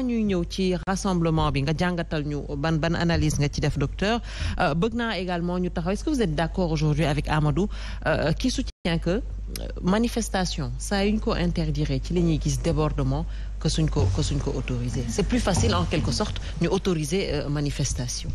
ñuy ñëw ci rassemblement bi nga jàngatal ñu ban ban analyse nga ci def docteur euh, bëgg naa également ñu taxaw est-ce que vous êtes d'accord aujourd'hui avec Amadou euh, qui soutient que euh, manifestation sa yu ñu ko interdire ci la ñuy gis débordement que suñ ko que suñ ko autoriser c'est plus facile en quelque sorte ñu autoriser manifestation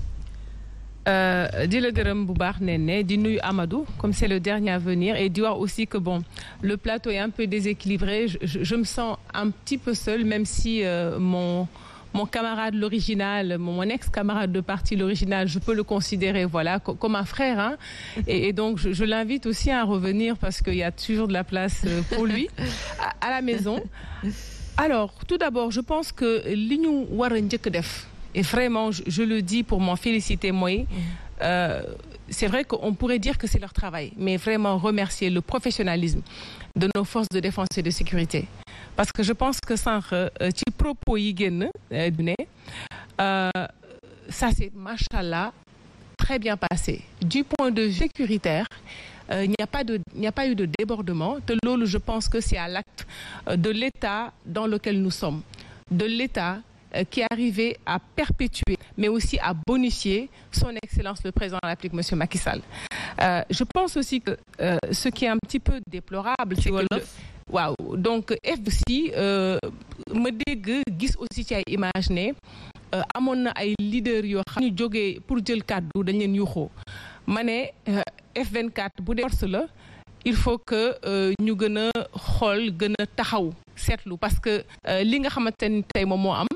Euh, di la gërëm bu baax Néné di nuyu Amadou comme c'est le dernier à venir et di wax aussi que bon le plateau est un peu déséquilibré je, je, je me sens un petit peu seule même si euh, mon mon camarade l'original mon, mon ex-camarade de parti l'original je peux le considérer voilà co comme un frère hein et, et donc je, je l'invite aussi à revenir parce qu'il y a toujours de la place euh, pour lui à, à la maison alors tout d'abord je pense que li ñu war a njëkk def et vraiment je, le dis pour m'en féliciter mooy mm. euh, c'est vrai qu'on pourrait dire que c'est leur travail mais vraiment remercier le professionnalisme de nos forces de défense et de sécurité parce que je pense que sànq euh, ci propos yi génn euh, du ne euh, ça c'est machallah très bien passé du point de vue sécuritaire euh, il n'y a pas eu de débordement te loolu je pense que c'est à l'acte de l'État dans lequel nous sommes de l'État Euh, qui arrivait à perpétuer, mais aussi à bonifier son excellence le président de la République, M. Macky euh, je pense aussi que euh, ce qui est un petit peu déplorable, c'est que... waaw donc F aussi euh, ma dégg gis aussi ci ay image ne amoon na ay leader yoo xam ñu jógee pour jël kàddu dañ leen yuuxoo ma ne F24 bu def force la il faut que ñu gën a xool gën taxaw seetlu parce que li nga xamante ni tey moom moo am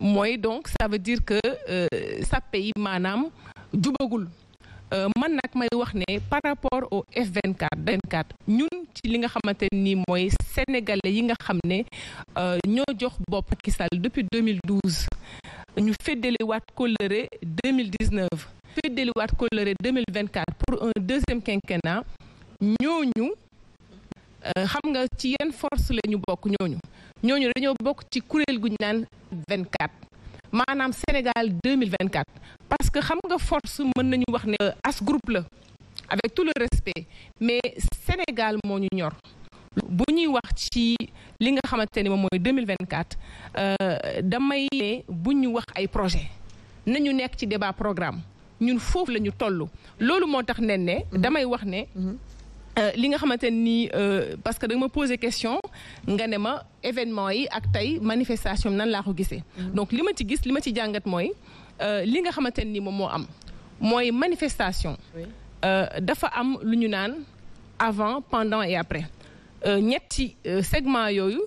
mooy donc ça veut dire que euh, sàppe yi maanaam jubagul euh, man nag may wax ne par rapport au F24 24 ñun ci li nga xamante ni mooy sénégalais yi nga xam ne euh, ñoo jox bopp Macky Sall depuis 2012 ñu feddaliwaat kóllëre 2019 feddaliwaat kóllëre 2024 pour un deuxième quinquennat ñooñu xam nga ci yenn force la ñu bokk ñooñu ñooñu dañoo bokk ci kuréel gu ñu naan 24 maanaam Sénégal 2024 parce que xam nga force mën nañu wax ne as groupe la avec tout le respect mais Sénégal moo ñu ñor bu ñuy wax ci li nga xamante ne moom mooy 2024 euh, damay ne bu ñu wax ay projet nañu nekk ci débat programme ñun foofu la ñu toll loolu moo tax nen ne damay wax ne mhm. Euh, li nga xamante ni euh, parce que da ma posé question nga ne ma événement yi ak tey manifestation nan laa ko gisee. Mhm. donc li ma ci gis li ma ci jàngat mooy euh, li nga xamante nii moom moo am mooy manifestation. dafa am lu ñu naan avant pendant et après ñetti segment yooyu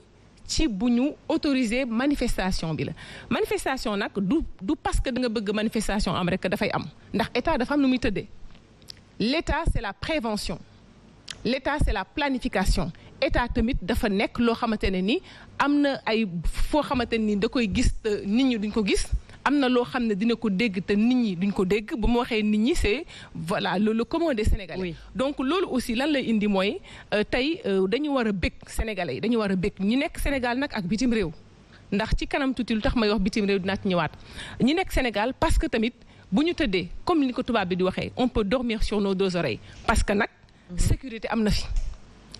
ci bu ñu autoriser manifestation bi la. manifestation nag du du parce que danga bëgg manifestation am rek dafay am ndax état dafa am lu muy tëddee l' état est la prévention. l'État c'est la planification état tamit dafa nekk loo xamante ne ni am na ay foo xamante ni da koy gis nit ñi duñ ko gis am na loo xam ne dina ko dégg te nit ñi duñ ko dégg bu mu waxee nit ñi c'est voilà le commun des Sénégalais. donc loolu aussi lan lay indi mooy euh, tey euh, dañu war a bëgg Sénégalais yi dañu wara a bëgg ñi nekk Sénégal nag ak bitim réew. ndax ci kanam tuuti lu tax may wax bitim réew dinaa ci ñëwaat ñi nekk Sénégal parce que tamit bu ñu tëddee comme ni ko tubaab bi di waxee on peut dormir sur nos parce que nag. Mhm. sécurité am na fi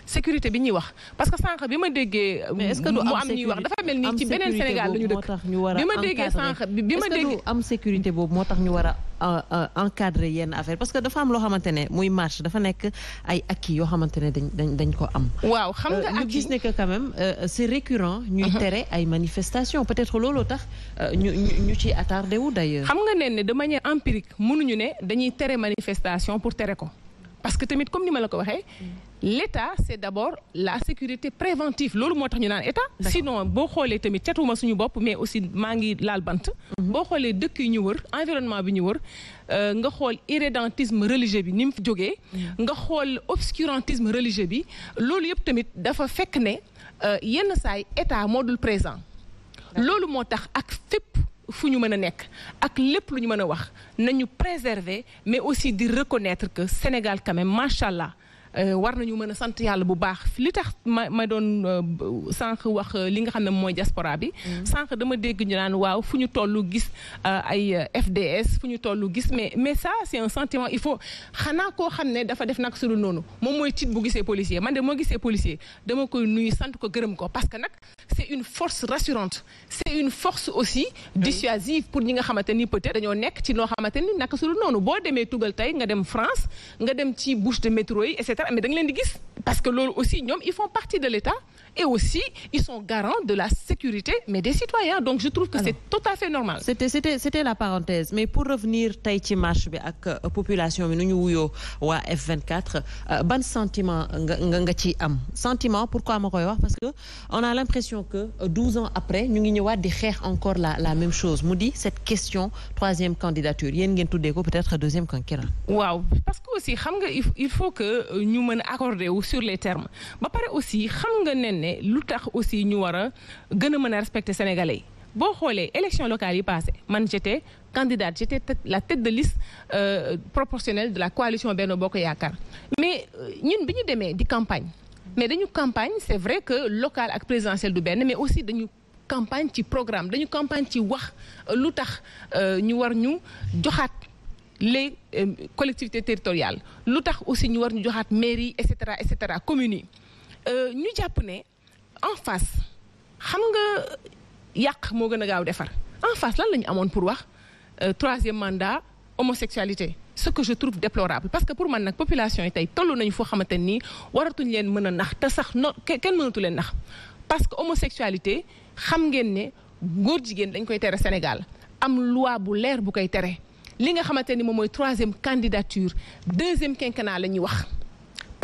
sécurité bi ñuy wax parce que sànq bi ma déggee. mais est du am sécurité ñuy wax dafa mel ni ci beneen Sénégal la ñu dëkk ma sànq bi bi ma déggee. am sécurité boobu moo tax ñu war a euh, euh, encadrer yenn affaire parce que dafa am loo xamante ne muy marche dafa nekk ay acquis yoo xamante ne dañ dañ dañ ko am. waaw xam nga euh, acquis ñu gis ne que quand même c'est récurrent. ñuy uh-huh. tere ay manifestation peut-être looloo tax ñu ñu ñu ciy attardé wu d'ailleurs. xam nga ne ne de manière empirique mënuñu ne dañuy tere manifestation pour tere ko. parce que tamit comme ni ma la ko waxee l' état c' abord la sécurité préventive loolu moo tax ñu naan état sinon boo xoolee tamit catuma suñu bopp mais aussi maa ngi laal bant mhm. boo xoolee dëkk yi ñu wër environnement bi ñu wër euh, nga xool irrédentisme religieux bi ni mu jógee mhm. nga xool obscurantisme religieux bi loolu yëpp tamit dafa fekk ne euh, yenn saay état moo dul présent loolu moo tax ak fépp fu ñu mën a nekk ak lépp lu ñu mën a wax nañu préserver mais aussi di reconnaître que Sénégal quand même macha allah Euh, war nañu mën a sant yàlla bu baax li tax ma ma doon euh, sànq wax euh, li nga xam ne mooy diaspora bi. Mm. sànq dama dégg ñu naan waaw fu ñu toll gis ay FDS fu ñu toll gis mais mais ça c'est un sentiment il faut xanaa koo xam ne dafa def nag sulu noonu moom mooy tiit bu gisee policier man de moo gisee policier dama koy nuyu sant ko gërëm ko parce que nag c'est une force rassurante c'est une force aussi dissuasive pour ñi nga xamante ni peut-être dañoo nekk ci noo xamante ni naka su dul boo demee tugal tey nga de métro yi et cetera mais da leen di gis parce que loolu aussi ñoom ils font partie de l'État et aussi ils sont garants de la sécurité mais des citoyens donc je trouve que c'est tout à fait normal c'était la parenthèse mais pour revenir tey ci marche bi ak euh, population bi nu ñu wuyoo waa F24 euh, ban sentiment nga nga ci am sentiment pourquoi ma koy wax parce que on a l'impression que 12 euh, ans après ñu ngi ñëwaat di xeex encore la la même chose mu di cette question troisième candidature yéen ngeen tuddee ko peut-être deuxième candidat waaw parce que aussi que ñu mën a accorder wu sur les termes leen ne lu tax aussi ñu war a gën a mën a respecter sénégalais yi boo xoolee élection locale yi passé man j'étais candidate j'étais la tête de liste euh, proportionnelle de la coalition Benno Bokk Yaakaar mais euh, ñun bi ñu demee di campagne mais dañu campagne c'est vrai que local ak présidentiel du benn mais aussi dañu campagne ci programme dañu campagne ci wax euh, lu tax euh, ñu war ñu joxaat les collectivités territoriales lu tax aussi ñu war ñu joxaat mairie et cetera et cetera communes yi Euh, ñu jàpp ne en face xam nga yàq moo gën a gaaw defar en face lan la ñu amoon pour wax euh, troisième mandat homosexualité ce que je trouve déplorable parce que pour man nag population yi tey toll nañu foo xamante nii waratuñ leen mën a nax te sax no kenn mënatu leen nax parce que homosexualité xam ngeen ne góor jigéen dañ koy tere Sénégal am loi bu leer bu koy tere li nga xamante ni moom mooy troisième candidature deuxième quinquennat la ñuy wax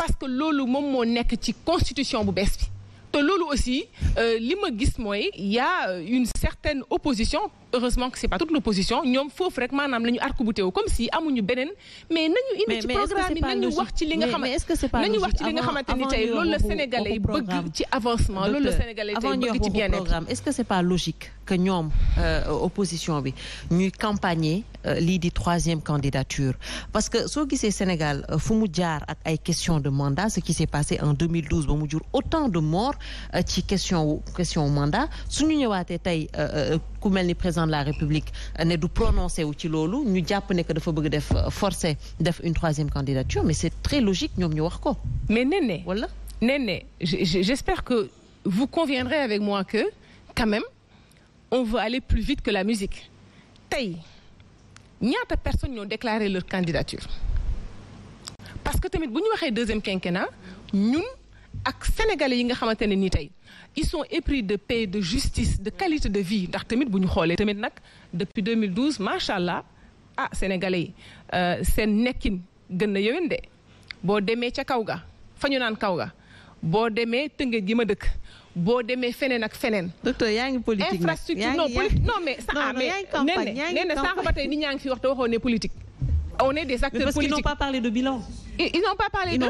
parce que loolu moom moo nekk ci constitution bu bees bi te loolu aussi euh, li ma gis mooy y a une certaine opposition heureusement que c'est pas toute l'opposition ñoom foofu rek maanaam la ñu arc-bouté comme si amuñu beneen mais nañu indi ci programme yi nañu wax ci li nga xam nañu wax ci li nga xamante ni tey ci avancement loolu tey bëgg est-ce que c'est pas logique que ñoom euh, opposition bi ñuy campagner euh, lii di troisième candidature parce que soo gisee Sénégal euh, fu mu jaar ak ay question de mandat ce qui s'est passé en 2012 ba mu jur autant de morts ci question question mandat suñu ñëwaatee tey ku mel ni président de la république ne du prononcé wu ci loolu ñu jàpp ne que dafa bëgg def euh, forcé def une troisième candidature mais c'est très logique ñoom ñu wax ko. mais Néné voilà Néné j'espère que vous conviendrez avec moi que quand même on veut aller plus vite que la musique tey ñaata personnes ñoo déclaré leur candidature parce que tamit bu ñu waxee deuxième quinquennat ñun. ak sénégalais yi nga xamante ne nii tey ils sont épris de paix de justice de qualité de vie ndax tamit bu ñu xoolee tamit nag depuis 2012 macha allah ah sénégalais yi euh, seen nekkin gën na yéwén de boo demee ca kaw ga fa ñu naan kaw ga boo demee tëngéej gi ma dëkk. boo demee feneen ak feneen. docteur yaa ngi infrastructure non mais. non non ah, yaa ngi campagne na sànq ba tey nit ñaa ngi fi wax te ne politique. on est des acteurs mais parce politiques. Parce qu'ils n'ont pas de bilan. Ils, ils n'ont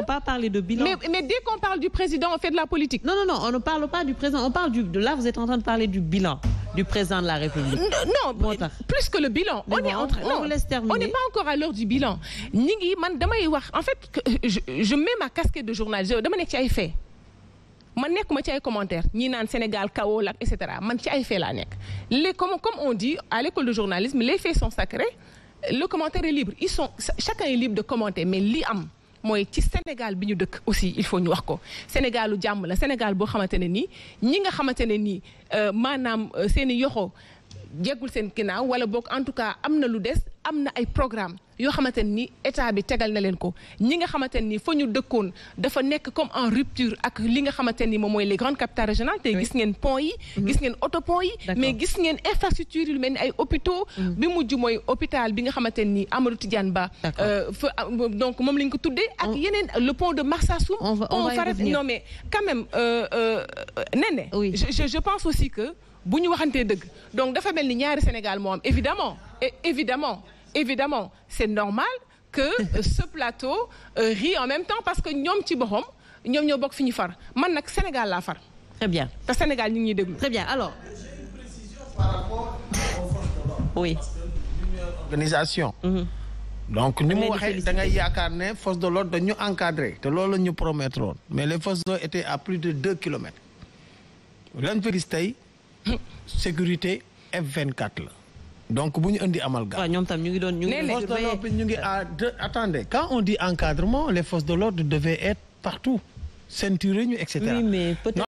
de... bilan. Mais, mais parle du président, on fait de la politique. Non, ne parle du président. On parle du, de là, vous êtes du président Non, non pas encore à l'heure du bilan. ñi ngi man damay wax en fait je, je mets ma casquette de journaliste dama nekk ci ay faits man nekkuma ci ay commentaires ñi naan Sénégal Kaolack et cetera man ci ay faits laa nekk les comme comme on dit à l'école de journalisme les faits sont sacrés le commentaire est libre ils sont chacun est libre de commenter mais li am mooy ci Sénégal bi ñu dëkk aussi il faut ñu wax ko Sénégalu jàmm la Sénégal boo xamante ne nii ñi nga xamante ne nii euh, maanaam euh, seeni yoxo jegul seen ginnaaw wala boog en tout cas am na lu des am na ay programme yoo xamante nii état bi tegal na leen ko ñi nga xamante nii foo ñu dëkkoon dafa nekk comme en rupture ak li nga xamante ni moom mooy les grandes capitales régionales te gis ngeen pont yi mhm. gis ngeen autopont yi mais gis ngeen infrastructure yu mel ni ay hôpitaux mhm. bi mujj mooy hôpital bi nga xamante ni Amadou Tidiane Ba euh, fa donc moom li lañ ko tuddee ak yeneen le pont de Marsassoum on va non mais quand même euh, euh, Néné je je pense bu ñu waxantee dëgg donc dafa mel ni ñaari Sénégal moo am évidemment et évidemment évidemment c'est normal que euh, ce plateau euh, rit en même temps parce que ñoom ci boppam ñoom ñoo bokk fi ñu far man nag Sénégal laa far. très bien te Sénégal ñu ngi ñuy déglu. très bien alors. oui. organisation. Mm-hmm. donc ni mu waxee da ngay yaakaar ne force de l'ordre dañu encadré te loolu la ñu promettre woon mais les forces de l'ordre étaient à plus de deux kilomètres. lan fa tey. sécurité F24 la. donc bu ñu indi amal ga waaw ñoom tam ñu ngi doon ñu ngi. force de l'ordre ñu ngi à de attendez quand on dit encadrement les forces de l'ordre devaient être partout ceinturées ñu et